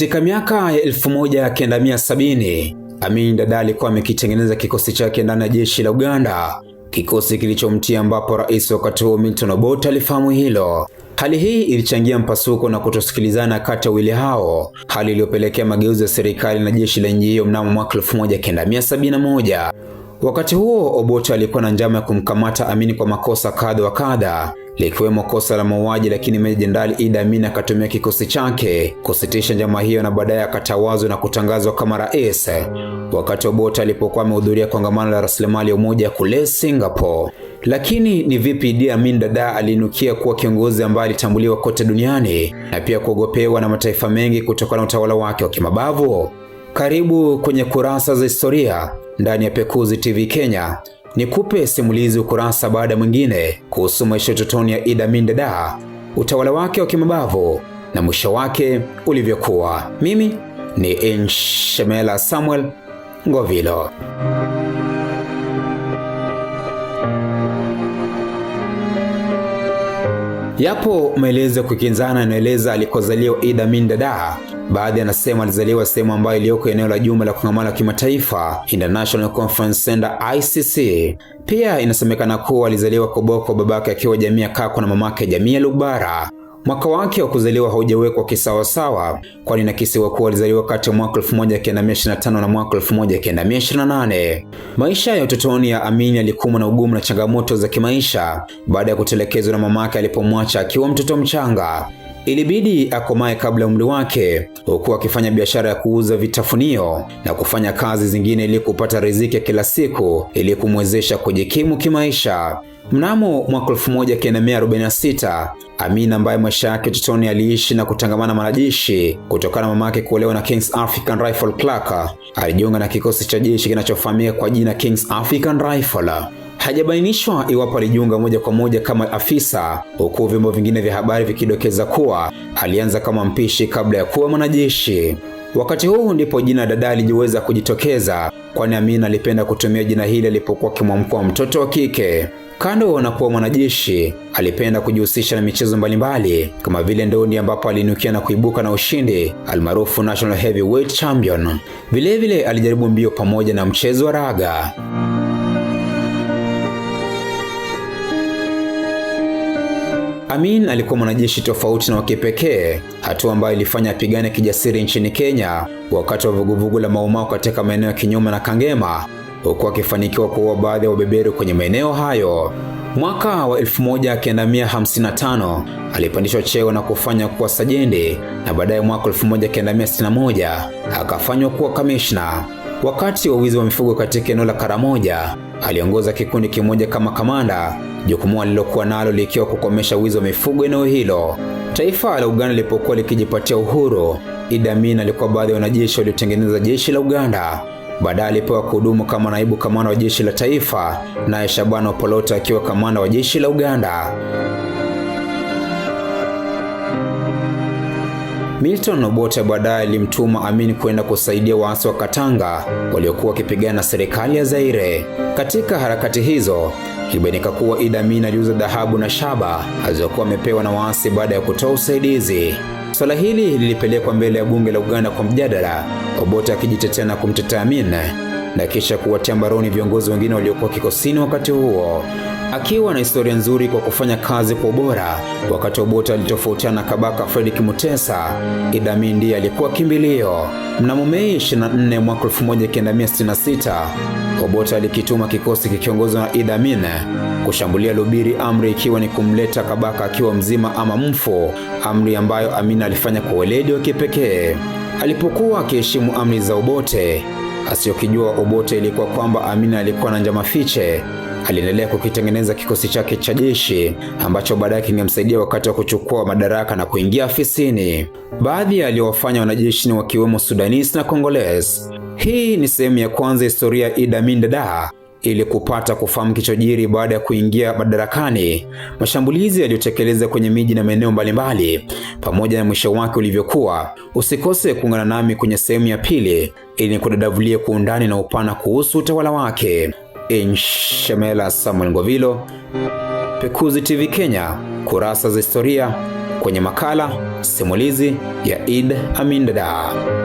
Katika miaka ya 1970 Amin Dada alikuwa amekitengeneza kikosi chake ndani ya jeshi la Uganda, kikosi kilichomtia ambapo rais wakati huo Milton Obote alifahamu hilo. Hali hii ilichangia mpasuko na kutosikilizana kati ya wawili hao, hali iliyopelekea mageuzi ya serikali na jeshi la nchi hiyo mnamo mwaka 1971. Wakati huo Obote alikuwa na njama ya kumkamata Amin kwa makosa kadha wa kadha likiwemo kosa la mauaji, lakini Meja Jenerali Idi Amin akatumia kikosi chake kusitisha njama hiyo na baadaye akatawazwa na kutangazwa kama rais, wakati Obote alipokuwa amehudhuria kongamano la rasilimali ya umoja kule Singapore. Lakini ni vipi Idi Amin dada aliinukia kuwa kiongozi ambaye alitambuliwa kote duniani na pia kuogopewa na mataifa mengi kutokana na utawala wake wa kimabavu? Karibu kwenye kurasa za historia ndani ya Pekuzi TV Kenya. Nikupe simulizi ukurasa baada mwingine kuhusu maisha utotoni ya Ida Amin Dada, utawala wake wa kimabavu na mwisho wake ulivyokuwa. Mimi ni Nshamela Samuel Ngovilo. Yapo maelezo ya kukinzana yanaeleza alikozaliwa Idi Amin Dada. Baadhi anasema alizaliwa sehemu ambayo iliyoko eneo la jumba la kongamano la kimataifa International Conference Center ICC. Pia inasemekana kuwa alizaliwa Koboko, babake akiwa jamii ya Kako na mamake jamii ya Lubara. Mwaka wake wa kuzaliwa haujawekwa kisawasawa, kwani nakisiwa kuwa alizaliwa kati ya mwaka 1925 na mwaka 1928. Maisha ya utotoni ya amin alikumbwa na ugumu na changamoto za kimaisha baada ya kutelekezwa na mamake alipomwacha akiwa mtoto mchanga. Ilibidi akomae kabla ya umri wake, huku akifanya biashara ya kuuza vitafunio na kufanya kazi zingine ili kupata riziki ya kila siku ili kumwezesha kujikimu kimaisha. Mnamo mwaka 1946 Amin, ambaye maisha yake utotoni aliishi na kutangamana na kutokana na mamake kuolewa na Kings African Rifle Clark, alijiunga na kikosi cha jeshi kinachofahamika kwa jina Kings African Rifle. Hajabainishwa iwapo alijiunga moja kwa moja kama afisa, huku vyombo vingine vya habari vikidokeza kuwa alianza kama mpishi kabla ya kuwa mwanajeshi. Wakati huu ndipo jina dada alijiweza kujitokeza, kwani Amina alipenda kutumia jina hili alipokuwa akimwamkua mtoto wa kike. Kando na kuwa mwanajeshi, alipenda kujihusisha na michezo mbalimbali kama vile ndondi, ambapo alinukia na kuibuka na ushindi almaarufu National Heavyweight Champion. Vilevile alijaribu mbio pamoja na mchezo wa raga. Amin alikuwa mwanajeshi tofauti na wa kipekee, hatua ambayo ilifanya apigane kijasiri nchini Kenya wakati wa vuguvugu la Maumau katika maeneo ya Kinyuma na Kangema, huku akifanikiwa kuua baadhi ya wabeberu kwenye maeneo hayo. Mwaka wa 1955 alipandishwa cheo na kufanya kuwa sajende na baadaye mwaka 1961 akafanywa kuwa kamishna. Wakati wa wizi wa mifugo katika eneo la Karamoja, aliongoza kikundi kimoja kama kamanda, jukumu alilokuwa nalo likiwa kukomesha wizi wa mifugo eneo hilo. Taifa la Uganda lilipokuwa likijipatia uhuru, Idi Amin alikuwa baadhi ya wanajeshi waliotengeneza jeshi la Uganda. Baadaye alipewa kuhudumu kama naibu kamanda wa jeshi la taifa, naye Shabana Opolota akiwa kamanda wa jeshi la Uganda. Milton Obote baadaye alimtuma Amin kwenda kusaidia waasi wa Katanga waliokuwa wakipigana na serikali ya Zaire. Katika harakati hizo ilibainika kuwa Idi Amin aliuza dhahabu na shaba alizokuwa amepewa na waasi baada ya kutoa usaidizi. Swala hili lilipelekwa mbele ya bunge la Uganda kwa mjadala, Obote akijitetea na kumtetea Amin na kisha kuwatia mbaroni viongozi wengine waliokuwa kikosini wakati huo akiwa na historia nzuri kwa kufanya kazi kwa ubora. Wakati Obote alitofautiana na Kabaka Fredrick Mutesa, amin ndiye alikuwa kimbilio. Mnamo Mei 24 mwaka 1966 Obote alikituma kikosi kikiongozwa na Idi Amin kushambulia Lubiri, amri ikiwa ni kumleta Kabaka akiwa mzima ama mfu, amri ambayo Amin alifanya kwa weledi wa kipekee alipokuwa akiheshimu amri za Obote. Asiyokijua Obote ilikuwa kwamba Amin alikuwa na njama fiche aliendelea kukitengeneza kikosi chake cha jeshi ambacho baadaye kingemsaidia wakati wa kuchukua madaraka na kuingia afisini. Baadhi ya aliyowafanya wanajeshi ni wakiwemo Sudanese na Congolese. Hii ni sehemu ya kwanza historia ya Idi Amin Dada. Ili kupata kufahamu kichojiri baada ya kuingia madarakani, mashambulizi yaliyotekeleza kwenye miji na maeneo mbalimbali, pamoja na mwisho wake ulivyokuwa, usikose kuungana nami kwenye sehemu ya pili ili nikudadavulie kwa undani na upana kuhusu utawala wake. Nshemela Samuel Ngovilo. Pekuzi TV Kenya, kurasa za historia kwenye makala simulizi ya Eid Amin Dada.